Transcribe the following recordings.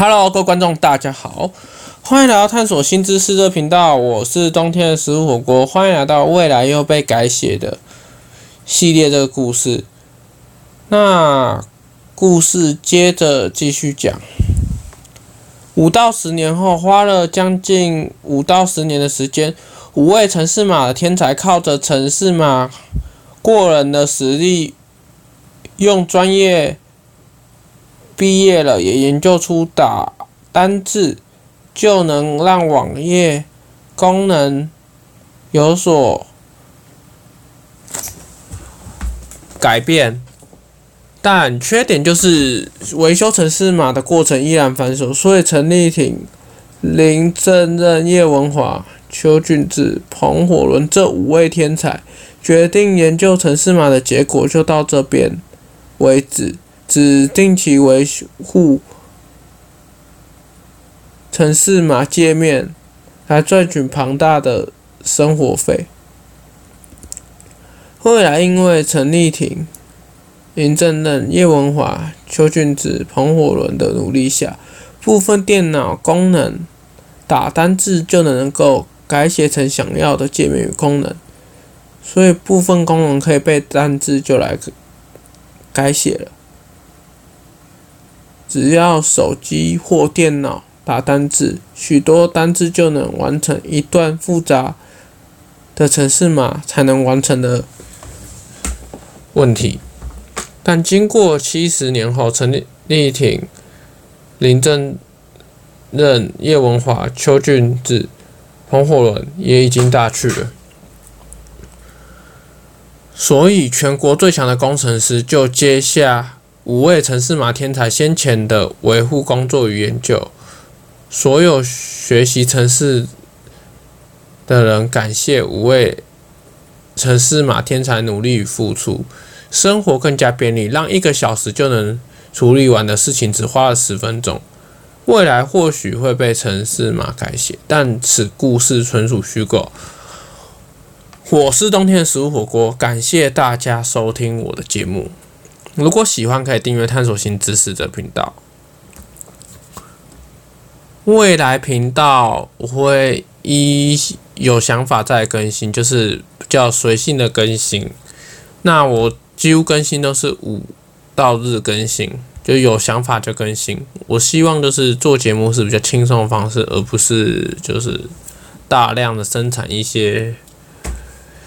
Hello，各位觀眾，大家好，歡迎來到探索新知識的頻道。我是冬天的食物火鍋，歡迎來到未來又被改寫的系列的故事。那故事接着繼續講，五到十年後，花了將近五到十年的時間，五位城市馬的天才靠着城市馬過人的實力，用專業。畢業了，也研究出打單字就能讓網頁功能有所改變，但缺點就是維修程式碼的過程依然繁瑣。所以陳力挺、林正任、葉文華、邱俊志、彭火倫這五位天才決定研究程式碼的結果，就到這邊為止。只定期維護程式碼界面，來賺取龐大的生活費。後來因為陳麗廷、林正任、葉文華、邱俊子、彭火倫的努力下，部分電腦功能打單字就能夠改寫成想要的界面與功能，所以部分功能可以被單字就來改寫了。只要手機或電腦打單字，許多單字就能完成一段複雜的程式碼才能完成的問題。但經過七十年後，陳立挺、林正任、葉文華、邱俊子、洪火倫也已經大去了，所以全國最強的工程師就接下五位程式碼天才先前的維護工作與研究，所有學習程式的人感謝五位程式碼天才努力與付出，生活更加便利，讓一個小時就能處理完的事情只花了十分鐘。未來或許會被程式碼改寫，但此故事純屬虛構。我是冬天的食物火鍋，感謝大家收聽我的節目。如果喜歡，可以訂閱“探索新知識的頻道。未來頻道我會一有想法再更新，就是比較隨性的更新。那我幾乎更新都是五到日更新，就有想法就更新。我希望就是做節目是比較輕鬆的方式，而不是就是大量的生產一些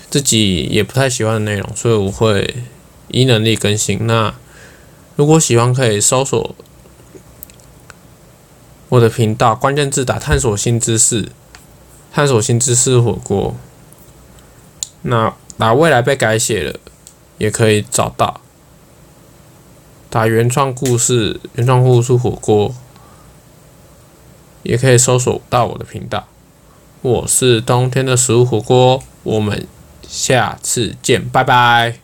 自己也不太喜歡的內容，所以我會。一能力更新，那如果喜歡可以搜索我的頻道，關鍵字打“探索新知識”，“探索新知識火鍋”，那打“未來被改寫了”也可以找到，打“原創故事”，“原創故事火鍋”也可以搜索到我的頻道。我是冬天的食物火鍋，我們下次見，拜拜。